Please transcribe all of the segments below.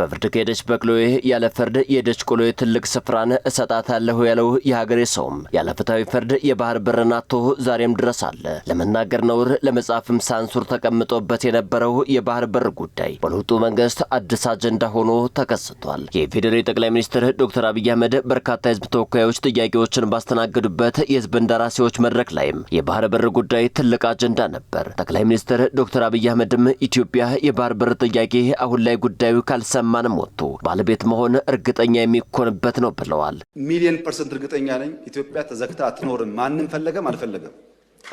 በፍርድ ከሄደች በቅሎዬ ያለ ፍርድ የሄደች ቆሎዬ ትልቅ ስፍራን እሰጣታለሁ ያለው የሀገሬ ሰውም ያለ ፍትሐዊ ፍርድ የባህር ብርን አጥቶ ዛሬም ድረስ አለ። ለመናገር ነውር ለመጻፍም ሳንሱር ተቀምጦበት የነበረው የባህር በር ጉዳይ በለውጡ መንግስት አዲስ አጀንዳ ሆኖ ተከስቷል። የፌዴራል ጠቅላይ ሚኒስትር ዶክተር አብይ አህመድ በርካታ የህዝብ ተወካዮች ጥያቄዎችን ባስተናገዱበት የህዝብ እንደራሴዎች መድረክ ላይም የባህር በር ጉዳይ ትልቅ አጀንዳ ነበር። ጠቅላይ ሚኒስትር ዶክተር አብይ አህመድም ኢትዮጵያ የባህር በር ጥያቄ አሁን ላይ ጉዳዩ ካልሰማ ጫማንም ወጥቶ ባለቤት መሆን እርግጠኛ የሚኮንበት ነው ብለዋል። ሚሊዮን ፐርሰንት እርግጠኛ ነኝ ኢትዮጵያ ተዘግታ አትኖርም። ማንም ፈለገም አልፈለገም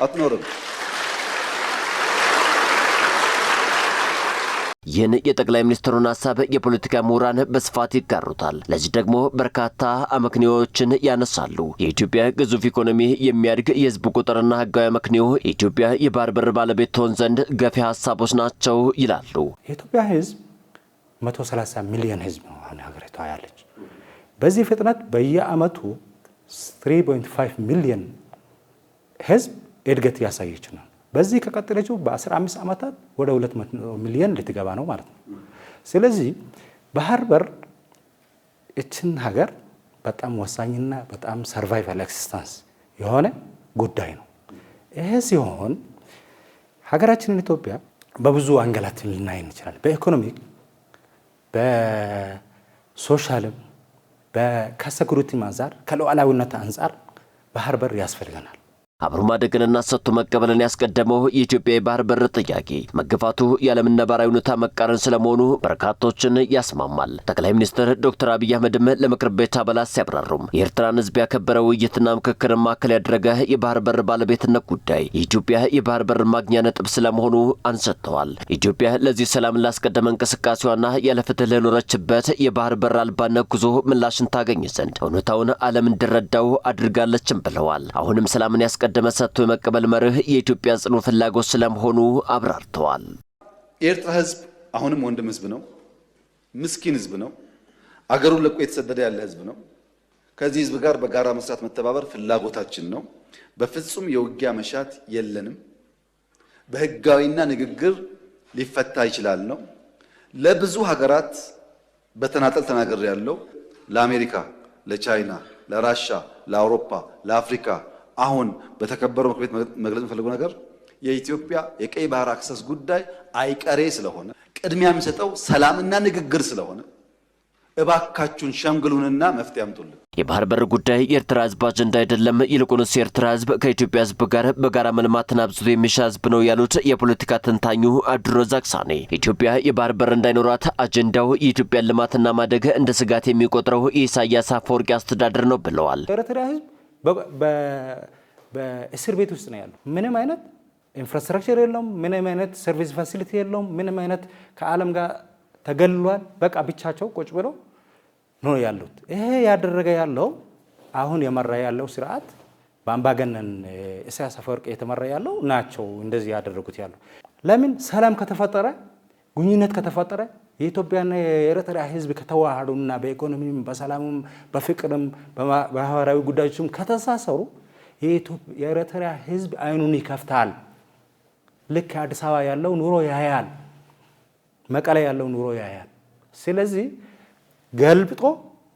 አትኖርም። ይህን የጠቅላይ ሚኒስትሩን ሀሳብ የፖለቲካ ምሁራን በስፋት ይጋሩታል። ለዚህ ደግሞ በርካታ አመክንዮዎችን ያነሳሉ። የኢትዮጵያ ግዙፍ ኢኮኖሚ፣ የሚያድግ የህዝብ ቁጥርና ህጋዊ አመክንዮ የኢትዮጵያ የባህር በር ባለቤት ትሆን ዘንድ ገፊ ሀሳቦች ናቸው ይላሉ። የኢትዮጵያ ህዝብ 130 ሚሊዮን ህዝብ ነው አሁን ሀገሪቷ ያለች። በዚህ ፍጥነት በየአመቱ 3.5 ሚሊዮን ህዝብ እድገት እያሳየች ነው። በዚህ ከቀጠለችው በ15 ዓመታት ወደ 200 ሚሊዮን ልትገባ ነው ማለት ነው። ስለዚህ ባህር በር እችን ሀገር በጣም ወሳኝና በጣም ሰርቫይቫል ኤክሲስተንስ የሆነ ጉዳይ ነው። ይሄ ሲሆን ሀገራችንን ኢትዮጵያ በብዙ አንገላት ልናይ እንችላለን። በኢኮኖሚክ በሶሻልም ከሴኩሪቲ አንጻር ከሉዓላዊነት አንጻር ባህር በር ያስፈልገናል። አብሮ ማደግንና ሰጥቶ መቀበልን ያስቀደመው የኢትዮጵያ የባህር በር ጥያቄ መገፋቱ የዓለምን ነባራዊ ሁኔታ መቃረን ስለመሆኑ በርካቶችን ያስማማል። ጠቅላይ ሚኒስትር ዶክተር አብይ አህመድም ለምክር ቤት አባላት ሲያብራሩም የኤርትራን ሕዝብ ያከበረ ውይይትና ምክክርን ማዕከል ያደረገ የባህር በር ባለቤትነት ጉዳይ የኢትዮጵያ የባህር በር ማግኛ ነጥብ ስለመሆኑ አንሰጥተዋል። ኢትዮጵያ ለዚህ ሰላም ላስቀደመ እንቅስቃሴዋና ያለ ለኖረችበት የባህር በር አልባነት ጉዞ ምላሽን ታገኝ ዘንድ እውነታውን ዓለም እንዲረዳው አድርጋለችም ብለዋል። አሁንም ሰላምን ያስቀደ የቀደመ ሰጥቶ የመቀበል መርህ የኢትዮጵያ ጽኑ ፍላጎት ስለመሆኑ አብራርተዋል። የኤርትራ ህዝብ አሁንም ወንድም ህዝብ ነው። ምስኪን ህዝብ ነው። አገሩን ለቆ የተሰደደ ያለ ህዝብ ነው። ከዚህ ህዝብ ጋር በጋራ መስራት፣ መተባበር ፍላጎታችን ነው። በፍጹም የውጊያ መሻት የለንም። በህጋዊና ንግግር ሊፈታ ይችላል ነው ለብዙ ሀገራት በተናጠል ተናገር ያለው ለአሜሪካ፣ ለቻይና፣ ለራሻ፣ ለአውሮፓ፣ ለአፍሪካ አሁን በተከበረው ምክር ቤት መግለጽ የምፈልገው ነገር የኢትዮጵያ የቀይ ባህር አክሰስ ጉዳይ አይቀሬ ስለሆነ ቅድሚያ የሚሰጠው ሰላምና ንግግር ስለሆነ እባካችሁን ሸምግሉንና መፍትሄ አምጡልን። የባህር በር ጉዳይ የኤርትራ ህዝብ አጀንዳ አይደለም፣ ይልቁንስ የኤርትራ ህዝብ ከኢትዮጵያ ህዝብ ጋር በጋራ መልማትን አብዝቶ የሚሻ ህዝብ ነው ያሉት የፖለቲካ ተንታኙ አብዱረዛቅ ሳኔ ኢትዮጵያ የባህር በር እንዳይኖራት አጀንዳው የኢትዮጵያን ልማትና ማደግ እንደ ስጋት የሚቆጥረው የኢሳያስ አፈወርቂ አስተዳደር ነው ብለዋል። በእስር ቤት ውስጥ ነው ያለው። ምንም አይነት ኢንፍራስትራክቸር የለውም። ምንም አይነት ሰርቪስ ፋሲሊቲ የለውም። ምንም አይነት ከዓለም ጋር ተገልሏል። በቃ ብቻቸው ቁጭ ብለው ነው ያሉት። ይሄ ያደረገ ያለው አሁን የመራ ያለው ስርዓት በአምባገነን ኢሳያስ አፈወርቅ የተመራ ያለው ናቸው እንደዚህ ያደረጉት ያለው። ለምን ሰላም ከተፈጠረ ግንኙነት ከተፈጠረ የኢትዮጵያና የኤርትራ ሕዝብ ከተዋሃዱና በኢኮኖሚም በሰላምም በፍቅርም በማህበራዊ ጉዳዮችም ከተሳሰሩ የኤርትራ ህዝብ አይኑን ይከፍታል። ልክ አዲስ አበባ ያለው ኑሮ ያያል፣ መቀለ ያለው ኑሮ ያያል። ስለዚህ ገልብጦ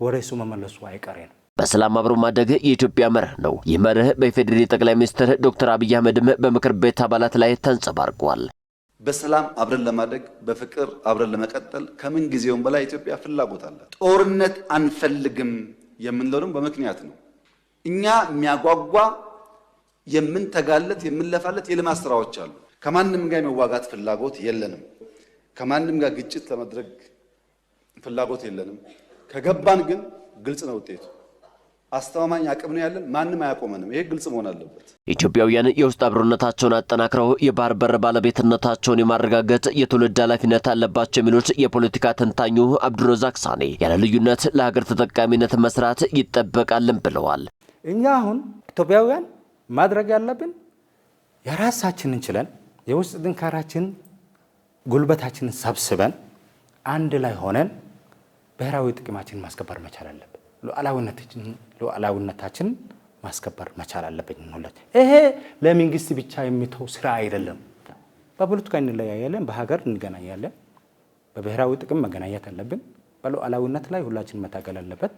ወደ እሱ መመለሱ አይቀሬ ነው። በሰላም አብሮ ማደግ የኢትዮጵያ መርህ ነው። ይህ መርህ በኢፌዴሪ ጠቅላይ ሚኒስትር ዶክተር አብይ አህመድም በምክር ቤት አባላት ላይ ተንጸባርቋል። በሰላም አብረን ለማደግ በፍቅር አብረን ለመቀጠል ከምን ጊዜውም በላይ ኢትዮጵያ ፍላጎት አለ ጦርነት አንፈልግም የምንለው ደግሞ በምክንያት ነው። እኛ የሚያጓጓ የምንተጋለት የምንለፋለት የልማት ስራዎች አሉ። ከማንም ጋር የመዋጋት ፍላጎት የለንም። ከማንም ጋር ግጭት ለማድረግ ፍላጎት የለንም። ከገባን ግን ግልጽ ነው ውጤቱ። አስተማማኝ አቅም ነው ያለን። ማንም አያቆመንም። ይሄ ግልጽ መሆን አለበት። ኢትዮጵያውያን የውስጥ አብሮነታቸውን አጠናክረው የባህር በር ባለቤትነታቸውን የማረጋገጥ የትውልድ ኃላፊነት አለባቸው የሚሉት የፖለቲካ ተንታኙ አብዱረዛቅ ሳኔ ያለ ልዩነት ለሀገር ተጠቃሚነት መስራት ይጠበቃልን ብለዋል። እኛ አሁን ኢትዮጵያውያን ማድረግ ያለብን የራሳችንን ችለን የውስጥ ጥንካራችን ጉልበታችንን ሰብስበን አንድ ላይ ሆነን ብሔራዊ ጥቅማችንን ማስከበር መቻል አለብን። ሉዓላዊነታችንን ማስከበር መቻል አለበት። ሁለት ይሄ ለመንግስት ብቻ የሚተው ስራ አይደለም። በፖለቲካ እንለያያለን፣ በሀገር እንገናኛለን። በብሔራዊ ጥቅም መገናኘት አለብን። በሉዓላዊነት ላይ ሁላችን መታገል አለበት።